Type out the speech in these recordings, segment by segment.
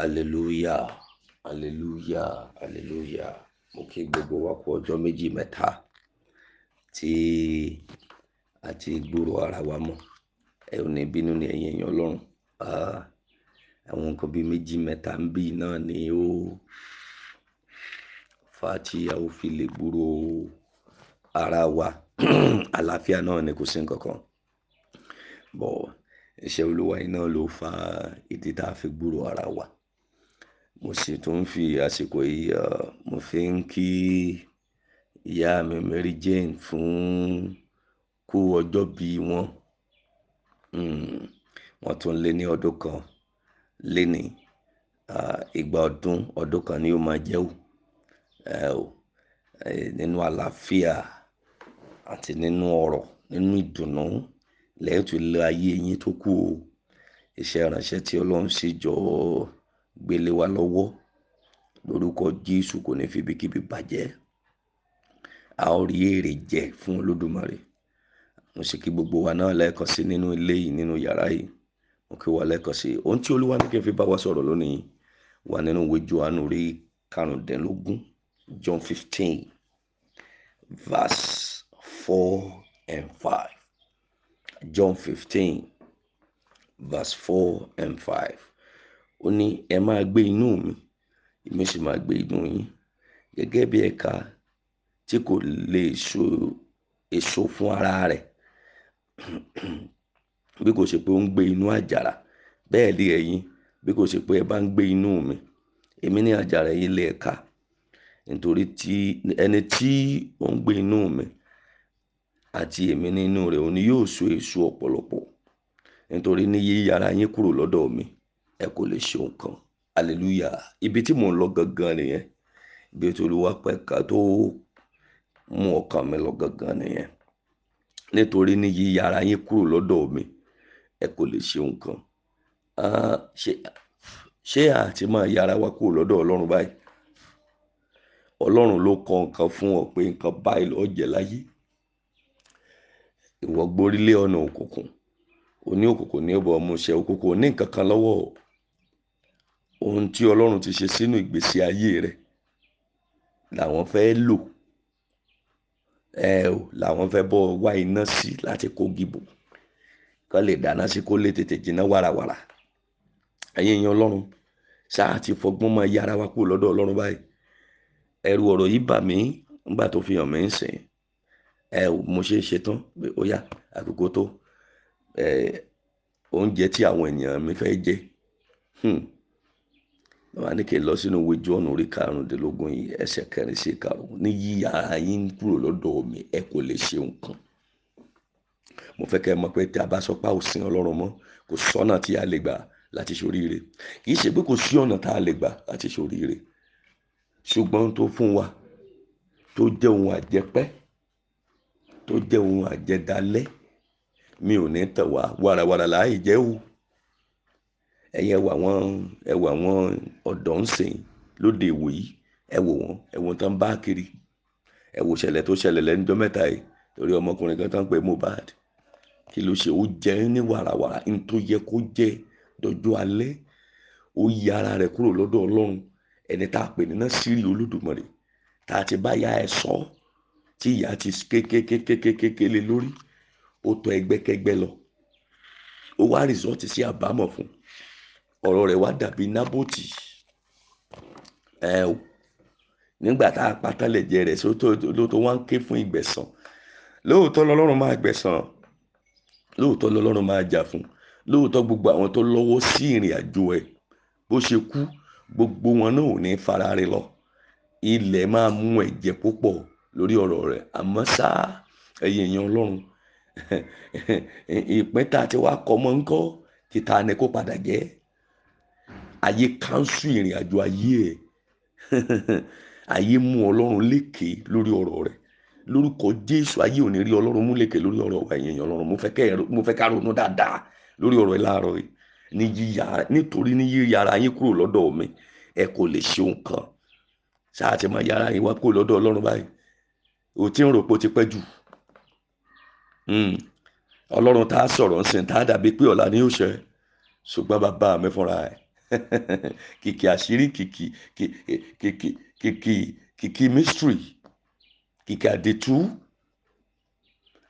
hallelujah hallelujah hallelujah mo kí gbogbo wa kú ọjọ́ méjì mẹ́ta tí a ti gbúrò ara wa mọ́ ẹ ò ní bínú ni ẹ̀yin èèyàn ọlọ́run àwọn nǹkan bíi méjì mẹ́ta ń bí náà ni ó fa tí a ó fi lè gbúrò ara wa àlàáfíà náà ni kò sí nǹkan kan bọ̀ iṣẹ́ olúwa iná ló fa ìdí tá a fi gbúrò ara wa mo sì tún ń fi àsìkò yìí uh, mo fi ń kí ìyá mi Mary Jane fún kú ọjọ́ bíi wọn hmm, wọ́n tún lé ní ọdún kan lé ní ìgbà ọdún ọdún kan ni ó máa jẹ́ o nínú àlàáfíà àti nínú ọrọ̀ nínú ìdùnnú lẹ́yìn tó lé ayé yín tó kù o ìránṣẹ́ tí Ọlọ́run ṣe jọ ọ́ gbélé wa lọ́wọ́ lórúkọ Jésù kò ní fi ibikíbi bàjẹ́ a ó rí èrè jẹ fún Olódùmarè mo sì kí gbogbo wa náà lẹ́ẹ̀kan sí nínú ilé yìí nínú yàrá yìí mo kí wa lẹ́ẹ̀kan sí ohun tí Olúwa ní kí n fi bá wa sọ̀rọ̀ lónìí wà nínú ìwé Jòhánù rí karùndínlógún John fifteen verse four and five John fifteen verse four and five. ó ní ẹ máa gbé inú mi èmi sì máa gbé inú yín gẹ́gẹ́ bí ẹ̀ka tí kò lè so èso ara rẹ̀ bí kò ṣe pé ó ń gbé inú àjàrà bẹ́ẹ̀ lé ẹ̀yin bí kò ṣe pé ẹ bá ń gbé inú mi èmi ní àjàrà yìí lè ẹ̀ka nítorí tí ẹni tí ó ń gbé inú mi ni yóò so èso ọ̀pọ̀lọpọ̀ nítorí ní yíyára yín kúrò lọ́dọ̀ mi ẹ kò lè ṣe nǹkan aleluya ibi tí mò ń lọ gangan nìyẹn ibi tí olúwa pẹ́ ká tó mú ọkàn mi lọ gangan nìyẹn nítorí ní yíyà yín kúrò lọ́dọ̀ mi ẹ kò lè ṣe nǹkan ṣé àti máa yára wa kúrò báyìí ló kọ nǹkan fún ọ pé nǹkan báyìí láyé ìwọ òkùnkùn oní òkùnkùn ní òkùnkùn ní nǹkan kan ohun tí ọlọ́run ti ṣe sínú ìgbésí ayé rẹ làwọn fẹ́ lò ẹ o làwọn fẹ́ bọ́ wá iná sí láti kó gìbò kán lè dáná sí kó lè tètè jiná wàràwàrà ẹ̀yin èèyàn ọlọ́run ṣáà ti fọgbọ́n máa yára wá kúrò lọ́dọ̀ ọlọ́run báyìí ẹ̀rù ọ̀rọ̀ yìí bà mí nígbà tó fi hàn mí ń sìn ẹ ò mo ṣe ń ṣe tán ó yá àkókò tó ẹ oúnjẹ tí àwọn ènìyàn mi fẹ́ jẹ. Hmm bàbá ní kí n lọ sínú ìwé John orí karùndínlógún yìí ẹsẹ̀ kẹrin sí karùnún ní yíyà yín kúrò lọ́dọ̀ mi ẹ kò lè ṣe nǹkan mo fẹ́ kẹ́ ẹ mọ̀ pé tí a bá sọ pé a ò sin ọlọ́run mọ́ kò sọ́nà tí a lè gbà láti ṣoríire kì í ṣe pé kò sí ọ̀nà tá a lè gbà láti ṣoríire ṣùgbọ́n tó fún wa tó jẹ́ ohun àjẹpẹ́ tó jẹ́ ohun àjẹdálẹ́ mi ò ní tẹ̀ wá wàràwàrà láì jẹ́ o ẹ̀yin ẹ wò àwọn ẹ wò àwọn ọ̀dọ́ ń sìn lóde ìwò yìí ẹ wò wọn ẹ wò tán bá kiri ẹ wò ṣẹlẹ̀ tó ṣẹlẹ̀ lẹ́nudọ́ mẹ́ta yìí torí ọmọkùnrin kan tán pé Mohbad kí ló ṣe ó jẹ ní wàràwàrà ní tó yẹ kó jẹ dọjọ́ alẹ́ ó yí ara rẹ̀ kúrò lọ́dọ̀ Ọlọ́run ẹni tá a pè ní náà sírì Olódùmarè tá a ti bá ya ẹ sọ tí ìyá ti kékékékékéké lé lórí ó tọ ẹgbẹ́kẹ́gbẹ́ lọ ó wá rìsọ́ọ̀tì ọ̀rọ̀ rẹ̀ wá dàbí nábòtì ẹ o nígbà tá a pa tán lẹ̀jẹ̀ rẹ̀ ló tó wá ń ké fún ìgbẹ̀san lóòótọ́ lọ́lọ́run máa gbẹ̀san lóòótọ́ lọ́lọ́run máa jà fún lóòótọ́ gbogbo àwọn tó lọ́wọ́ sí ìrìn àjò ẹ̀ bó ṣe kú gbogbo wọn náà ò ní fara rẹ̀ lọ ilẹ̀ máa mú ẹ̀jẹ̀ púpọ̀ lórí ọ̀rọ̀ rẹ̀ àmọ́ ṣá ẹ̀yìn èèyàn ọlọ́run ìpín tá a kọ́ mọ́ ńkọ́ títa ni kó padà jẹ́ ayé kánṣu ìrìn àjò ayé ẹ̀ ayé mú ọlọ́run lékè lórí ọ̀rọ̀ rẹ̀ lórúkọ jésù ayé ò ní rí ọlọ́run mú lékè lórí ọ̀rọ̀ wa ẹ̀yìn ọlọ́run mo fẹ́ ká ronú dáadáa lórí ọ̀rọ̀ ẹ láàárọ̀ nítorí ní yíya ara yín kúrò lọ́dọ̀ mi ẹ kò lè ṣe ohun kan ṣáà ti máa yára yín wá kúrò lọ́dọ̀ ọlọ́run báyìí ò tí ń rò ti pẹ́ jù hmm. ọlọ́run tá a sọ̀rọ̀ ń sìn tá a dàbí pé ọ̀la ni yóò ṣe ṣùgbọ́n bàbá mi fúnra ẹ̀ kìkì àṣírí kìkì kìkì kìkì kìkì mystery kìkì àdètú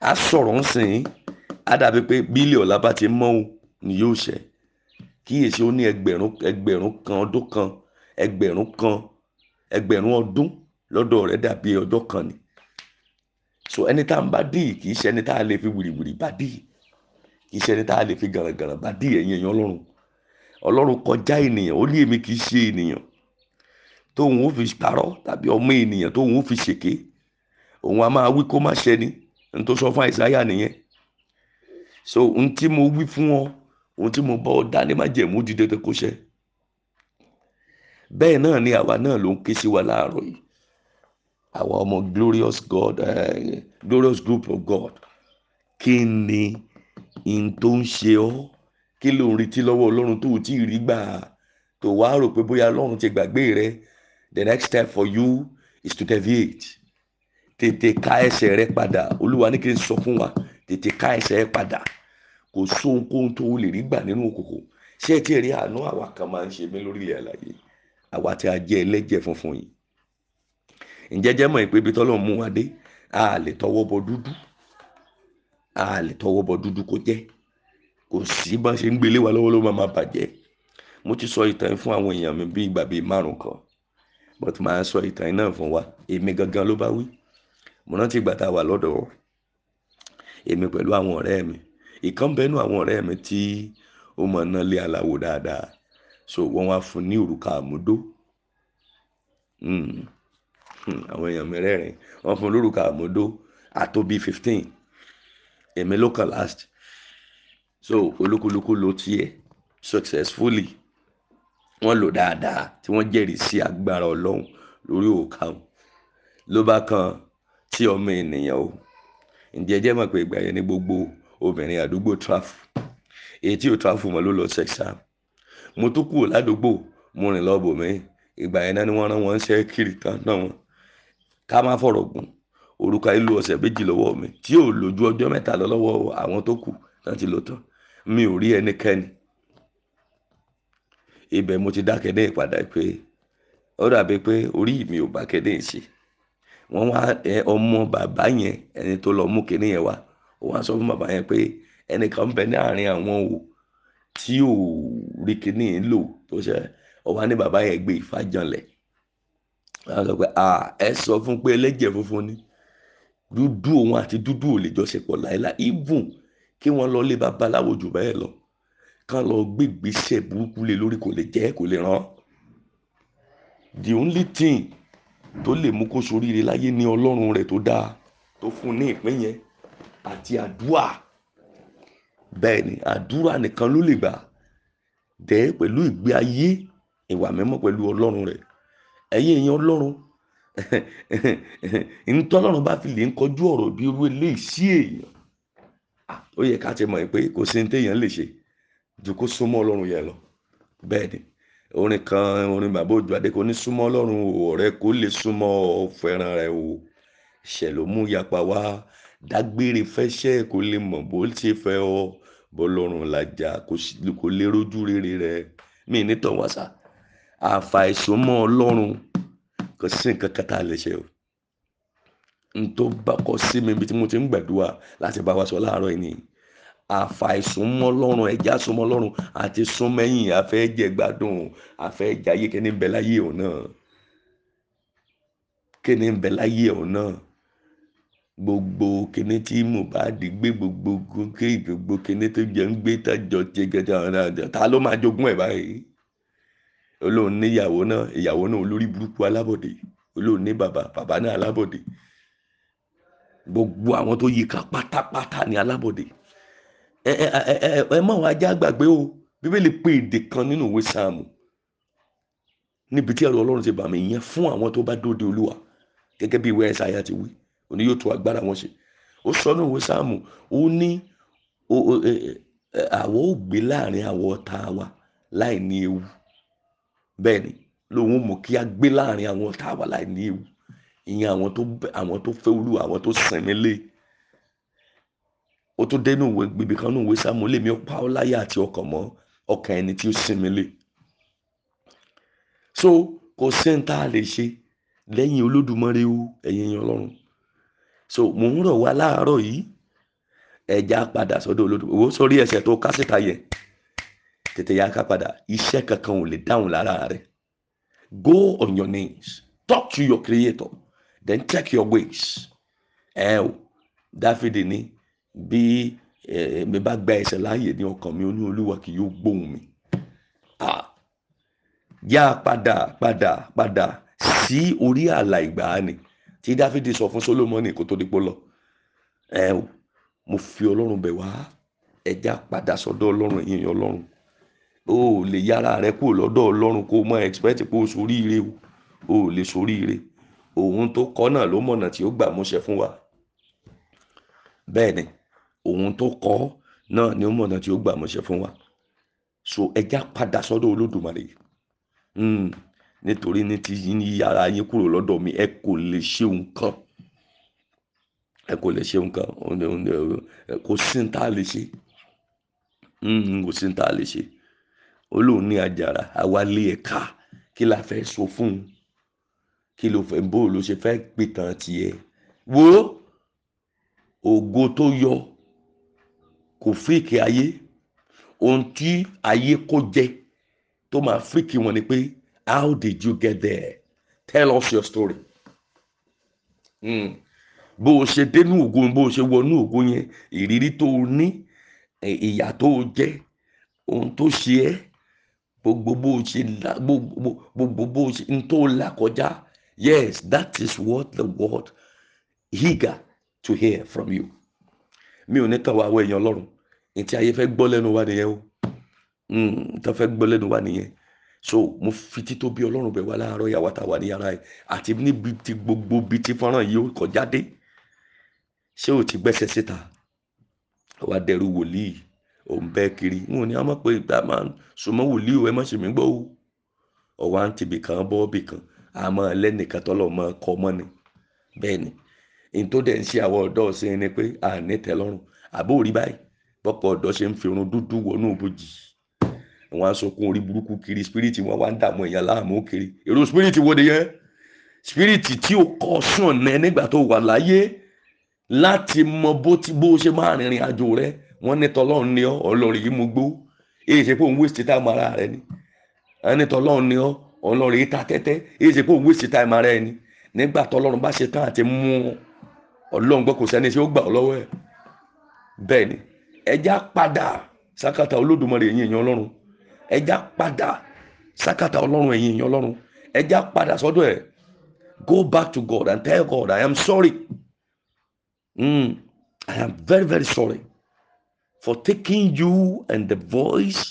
a sọ̀rọ̀ ń sìn á dàbí pé bílí ọ̀la bá ti mọ́ o ni yóò ṣẹ kíyèsí ó ní ẹgbẹ̀rún ẹgbẹ̀rún kan ọdún kan ẹgbẹ̀rún kan ẹgbẹ̀rún ọdún lọ́dọ̀ rẹ̀ dàbí ọjọ́ kan ni so ẹni tá à ń bá dì kì í ṣe ẹni tá a lè fi wìrìwìrì bá dì kì í ṣe ẹni tá a lè fi gàràngàrà bá dì ẹ̀yin èèyàn ọlọ́run ọlọ́run kọjá ènìyàn ó ní èmi kì í ṣe ènìyàn tóun ó fi parọ́ tàbí ọmọ ènìyàn tóun ó fi ṣèké òun a máa wí kó má ṣẹni n tó sọ fún àìsáyà nìyẹn so n tí mo wí fún ọ ohun tí mo bá ọ dá ní májẹ̀mú di dandan kó ṣẹ bẹ́ẹ̀ náà ni àwa náà ló ń ké sí wa láàárọ̀ yìí àwa ọmọ glorious God uh, glorious group of God kí ni n tó ń ṣe ọ́ kí ló ń retí lọ́wọ́ ọlọ́run tó tí ì rí gbà tó wá rò pé bóyá ọlọ́run ti gbàgbé rẹ the next step for you is to deviate tètè ká ẹsẹ̀ rẹ padà olúwa ní kí n sọ fún wa tètè ká ẹsẹ̀ rẹ padà kò sóhunkóhun tó lè rí gbà nínú òkòkò ṣé ẹ ti rí àánú àwa kan máa ń ṣe mí lórílẹ̀ àlàyé àwa tí a jẹ́ ẹlẹ́jẹ̀ funfun yìí ǹjẹ́jẹ́ mọ̀ pé ibi tọ́lọ́run mú wa dé a lè tọwọ́ bọ dúdú a lè tọwọ́ bọ dúdú kó jẹ́ kò sí bá ṣe ń gbélé wa lọ́wọ́ ló máa máa bàjẹ́ mo ti sọ ìtàn fún àwọn èèyàn mi bí ìgbà bíi márùn kan but màá sọ ìtàn náà fún wa èmi gangan ló bá wí mo rántí ìgbà tá a wà lọ́dọ̀ èmi pẹ̀lú àwọn ọ̀rẹ́ mi ìkan bẹnu àwọn ọ̀rẹ́ mi tí ó mọ̀ ná lé aláwo dáadáa so wọ́n wá fún ní òrùka àmúdó hmm, hmm, àwọn èèyàn mi rẹ́rìn-ín wọ́n fún lórúkọ àmúdó àtó fifteen èmi ló kàn last so olúkúlùkù ló tiẹ̀ successfully wọ́n lò dáadáa tí wọ́n jẹ́rìí sí agbára ọlọ́run lórí òkà wọn ló bá kan tí ọmọ ènìyàn o ǹjẹ́ jẹ́ mọ̀ pé ìgbà yẹn ni gbogbo obìnrin àdúgbò tráfù èyí tí ò tráfù mọ́ ló lọ sẹ́ksà mo tún kúrò ládùúgbò mo rìn lọ bòmí ìgbà yẹn náà ni wọ́n rán wọn ṣe kiri kan náà wọn ká má fọ̀rọ̀ gùn òrùka ìlú ọ̀sẹ̀ méjì lọ́wọ́ mi tí yóò lójú ọjọ́ mẹ́ta lọ́wọ́ àwọn tó kù láti lò tán mi ò rí ẹnikẹ́ni ibẹ̀ mo ti dá kẹ́dẹ́ ìpadà pé ó dàbí pé orí mi ò bá kẹ́dẹ́ ìṣe wọ́n wá ọmọ bàbá yẹn ẹni tó lọ mú kínní yẹn wá ó wá sọ fún bàbá yẹn pé ẹnìkan ń bẹ ní àárín àwọn o tí ò rí kínní yẹn lò tó ṣe ó wá ní bàbá yẹn gbé ìfàjànlẹ̀ wọ́n sọ pé ẹ sọ fún pé ẹlẹ́jẹ̀ funfun ni dúdú òun àti dúdú ò lè jọ ṣe pọ̀ láéláé ibùn kí wọ́n lọ lé babaláwo jù bẹ́ẹ̀ lọ kán lọ gbégbèsè burúkú lé lórí kò lè jẹ́ kò lè ràn the only thing tó lè mú kó soríire láyé ní ọlọ́run rẹ̀ tó dáa tó fún ní ìpín yẹn àti àdúrà bẹ́ẹ̀ ni àdúrà nìkan ló lè gbà dẹ́ pẹ̀lú ìgbé ayé ìwà mímọ́ pẹ̀lú ọlọ́run rẹ̀ ẹ̀yin èèyàn ọlọ́run ntọ́lọ́run bá fi lè ń kọjú ọ̀rọ̀ bí irú eléyìí sí èèyàn ó yẹ ká ti mọ̀ pé kò sí ní téèyàn lè ṣe ju kó súnmọ́ ọlọ́run yẹn lọ bẹ́ẹ̀ ni orin kan orin bàbá òjò adéko ní súnmọ́ ọlọ́run o ọ̀rẹ́ kó lè súnmọ́ ọ fẹ́ràn o ṣẹ̀ ló mú yapa wá dágbére fẹ́ṣẹ́ kó lè mọ̀ bó ṣe fẹ́ ọ bọ́lọ́run làjà kó lè rójú rere rẹ mí nítàn wàṣà àfàìsúnmọ́ ọlọ́run kò sí nǹkan kan lè ṣe o n tó bá kọ sí mi ibi tí mo ti ń gbàdúrà láti bá wa sọ láàárọ̀ yìí ni àfàìsúnmọ́ lọ́rùn ẹ̀já súnmọ́ lọ́rùn àti súnmẹ́yìn àfẹ́jẹ́ gbádùn àfẹ́jẹ́ ayé kíní bẹ̀ láyé òun náà kíní bẹ̀ láyé òun náà gbogbo kíní tí Mohbad gbé gbogbo gòkè gbogbo kíní tó jẹ́ ń gbé tájọ tí gẹ́gẹ́ ọ̀rẹ́ àjọ ta ló máa jogún ẹ̀ báyìí olóòn ìyàwó náà ìyàwó náà olórí burúkú alábọ̀dé olóòn bàbá bàbá náà alábọ̀dé gbogbo àwọn tó yí ká pátápátá ní alábòde ẹ ẹ ẹ ẹ mọ àwọn ajá gbàgbé o bíbélì pé èdè kan nínú ìwé sáàmù níbi tí ẹrù ọlọ́run ti bà mí yẹn fún àwọn tó bá dóde olúwa gẹ́gẹ́ bí ìwé ẹ̀sáyà ti wí òní yóò tó agbára wọn ṣe ó sọ ní ìwé sáàmù ó ní e, e, e, àwọ̀ ò gbé láàrin àwọ̀ ọ̀tá wa láì ní ewu bẹ́ẹ̀ ni lòun mú kí a gbé láàrin àwọn ọ̀tá wa láì ní ewu ìyẹn àwọn tó àwọn tó fẹ́ olú àwọn tó sìn lé ó tó dẹ́nu ìwé gbèbè kan nínú ìwé sáàmù lèmi ó pa àti ọkàn mọ́ ọkàn ẹni tí ó sìn lé so kò sẹ́ni tá a lè ṣe lẹ́yìn olódùmarè o ẹ̀yin ẹ̀yin ọlọ́run so mò ń rọ̀ wá láàárọ̀ yìí ẹ̀já padà sọ́dọ̀ olódùmarè owó sórí ẹsẹ̀ tó kásìta yẹn tètè yá ká padà iṣẹ́ kankan ò lè dáhùn lára rẹ̀ go on your knees talk to your creator then check your ways ẹ o dáfídì ni bí mi bá gba ẹsẹ̀ láàyè ní ọkàn mi ó ní olúwa kì yóò gbóhùn mi yá padà padà padà sí orí ààlà ìgbàanì tí dáfídì sọ fún solomoni kó tó dípò lọ ẹ o mo fi ọlọ́run bẹ̀ wá ẹja padà sọ́dọ̀ ọlọ́run yìnyín ọlọ́run o ò lè yára rẹ kúrò lọ́dọ̀ ọlọ́run kó o mọ expect kó o soríire o ò lè soríire òun tó kọ́ náà ló mọ̀nà tí ó gbà múṣẹ fún wa bẹ́ẹ̀ ni òun tó kọ́ náà ni ó mọ̀nà tí ó gbà múṣẹ fún wa so ẹja padà sọ́dọ̀ olódùmarè hmm, nítorí ní ti yín yàrá yín kúrò lọ́dọ̀ mi ẹ kò lè ṣe nǹkan ẹ kò lè ṣe nǹkan kò sí ní lè ṣe hmm, kò sí ní lè ṣe olóòní àjàrà àwa lé ẹ̀ka kí la fẹ́ sọ fún un kí ló fẹ́ bó ló ṣe fẹ́ gbé tán tiẹ̀ wo ògo tó yọ kò fíìkì ayé ohun tí ayé kó jẹ tó máa fíìkì wọn ni pé how did you get there tell us your story hmm. bó o ṣe dénú ògo bó o ṣe wọnú ògo yẹn ìrírí tó o ní ìyà tó o jẹ ohun tó ṣe ẹ gbogbo bó o ṣe la gbogbo bó o ṣe ń tó o là kọjá. Ja Yes, that is what the world eager to hear from you. Mi ò ní tàn wá àwọn èèyàn ọlọ́run. Ntí ayé fẹ́ gbọ́ lẹ́nu wa nìyẹn o. Hmm, tán fẹ́ gbọ́ lẹ́nu wa nìyẹn. So mo fi títóbi ọlọ́run bẹ̀ wá láàárọ̀ ìyàwó àtàwà ní yàrá ẹ̀ àti níbi tí gbogbo ibi tí fọ́nrán yìí ó kọjá dé. Ṣé o ti gbẹ́sẹ̀ síta? Wà á dẹrù wòlíì. Ò ń bẹ́ kiri. N ò ní a pé ìgbà máa ń sùnmọ́ wòlíì o ẹ má ṣe mí gbọ́ o. Ọ̀wá ń tibì bọ́ bì àmọ́ lẹ́nìkan tọ́lọ̀ mọ́ kọ́ mọ́ ni bẹ́ẹ̀ ni n tó dẹ̀ ń ṣe àwọn ọ̀dọ́ ṣe ni pé àní tẹ́lọ́rùn àbó rí báyìí bọ́pọ̀ ọ̀dọ́ ṣe ń fi irun dúdú wọnú òbòjì wọn á sunkún orí burúkú kiri spiriti wọn wá ń dààmú èèyàn láàmú kiri èrò spiriti wo de yẹn spiriti tí o kọ sùn ní nígbà tó wà láyé láti mọ bó ti bó ṣe máa rìnrìn àjò rẹ wọn ní tọlọ́run ni ọ ọlọrin yìí mo gbó èyí ṣe pé òun wéṣẹ tá a mọ ara rẹ ni wọn ní ni ọ ọlọ́run ta tẹ́tẹ́ èyí ṣe pé òun wíṣì táìmù ara ẹni nígbà tó ọlọ́run bá ṣe tán àti mú ọlọ́run gbọ́ kò sẹ́ni tí ó gbà ọ́ lọ́wọ́ ẹ̀ bẹ́ẹ̀ ni ẹja padà sákàtà olódùmarè ẹ̀yin èèyàn ọlọ́run ẹja padà sákàtà ọlọ́run ẹ̀yin èèyàn ọlọ́run ẹja padà sọ́dọ̀ ẹ̀ go back to God and tell God I am sorry mm, I am very very sorry for taking you and the voice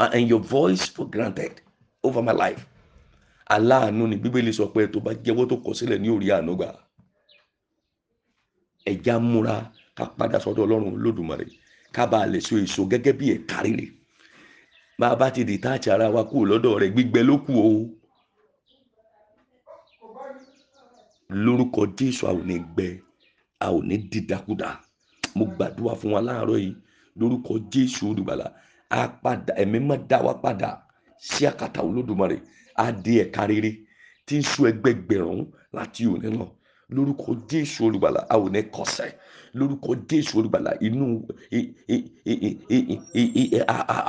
uh, and your voice for granted over my life. aláàánú ni bíbélì sọ pé tó bá jẹ́wọ́ tó kọ̀ sílẹ̀ ní orí àánú gbà ẹ̀já múra ká padà sọ́dọ̀ ọlọ́run lódùmarè ká bàa lè so èso gẹ́gẹ́ bí ẹ̀ka rere bá a bá ti dì táàtì ara wa kúrò lọ́dọ̀ rẹ̀ gbígbẹ ló kù o lórúkọ jésù a ò ní gbẹ a ò ní dìdàkudà mo gbàdúrà fún wa láàárọ̀ yìí lórúkọ jésù olùgbàlà ẹ̀mí má dá wa padà sí àkàtà olódùmarè adé ẹ̀ka rere tí ń sún ẹgbẹgbẹ̀rún láti òní lọ lórúkọ jésù olùgbàlà a ò ní kọsẹ̀ lórúkọ jésù olùgbàlà inú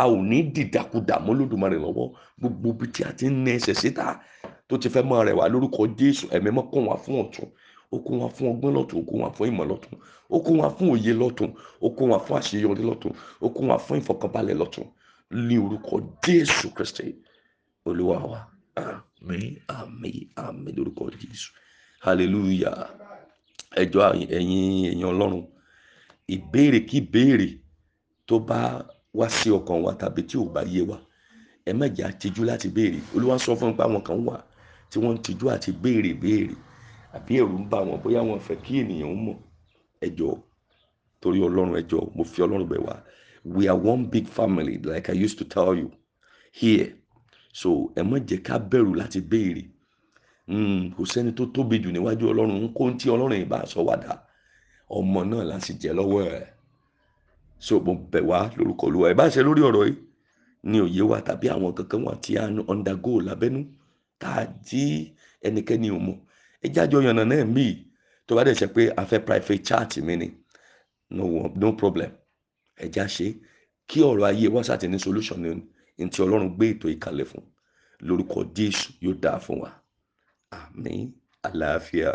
a ò ní dìdàkudà mọ́ lódùmarè lọ́wọ́ gbogbo bí tí a ti ń ní ẹsẹ̀ síta tó ti fẹ́ mọ́ rẹ̀ wá lórúkọ jésù ẹ̀mí mọ́ kàn wá fún ọ̀tún ó kún wa fún ọgbọ́n lọ́tún ó kún wa fún ìmọ̀ lọ́tún ó kún wa fún òye lọ́tún ó kún wa fún àṣeyọrí lọ́tún ó kún wa fún ìfọkànbalẹ̀ lọ́tún ní orúkọ jésù kristi olúwa wa àmín àmín àmín lórúkọ jésù hallelujah ẹjọ́ ẹ̀yin ẹ̀yin ọlọ́run ìbéèrè kí ìbéèrè tó bá wá sí ọkàn wa tàbí tí ò bá yé wa ẹ má jẹ́ àtijú láti béèrè olúwa sọ fún mi pé àwọn kan wà tí wọ́n ń tijú àti béèrè béèrè àbí ẹ̀rù ń bà wọ́n bóyá wọ́n fẹ́ kí ènìyàn mọ̀ ẹ torí ọlọ́run ẹ mo fi ọlọ́run bẹ̀ wá we are one big family like i used to tell you here so ẹ má jẹ́ ká bẹ̀rù láti béèrè hmm, kò sẹ́ni tó tóbi jù níwájú ọlọ́run ń kó tí ọlọ́run ìbá sọ wá dà ọmọ náà la sì jẹ́ lọ́wọ́ ẹ̀ so mo bẹ̀ wá lórúkọ olúwa ẹ̀ bá ṣe lórí ọ̀rọ̀ yìí ní òye wa tàbí àwọn kankan wà tí a ń undergo lábẹ́nú tá a tí ẹnikẹ́ni ò mọ̀ ẹ jájọ yànnà náà mí tó bá dẹ̀ ṣe pé a fẹ́ private chat mi ni no, no problem ẹ já ṣe kí ọ̀rọ̀ ayé wọ́n ṣàtìní solution ni ntí ọlọ́run gbé ètò ìkàlẹ̀ fún lórúkọ Jésù yóò dáa fún wa àmín àlàáfíà.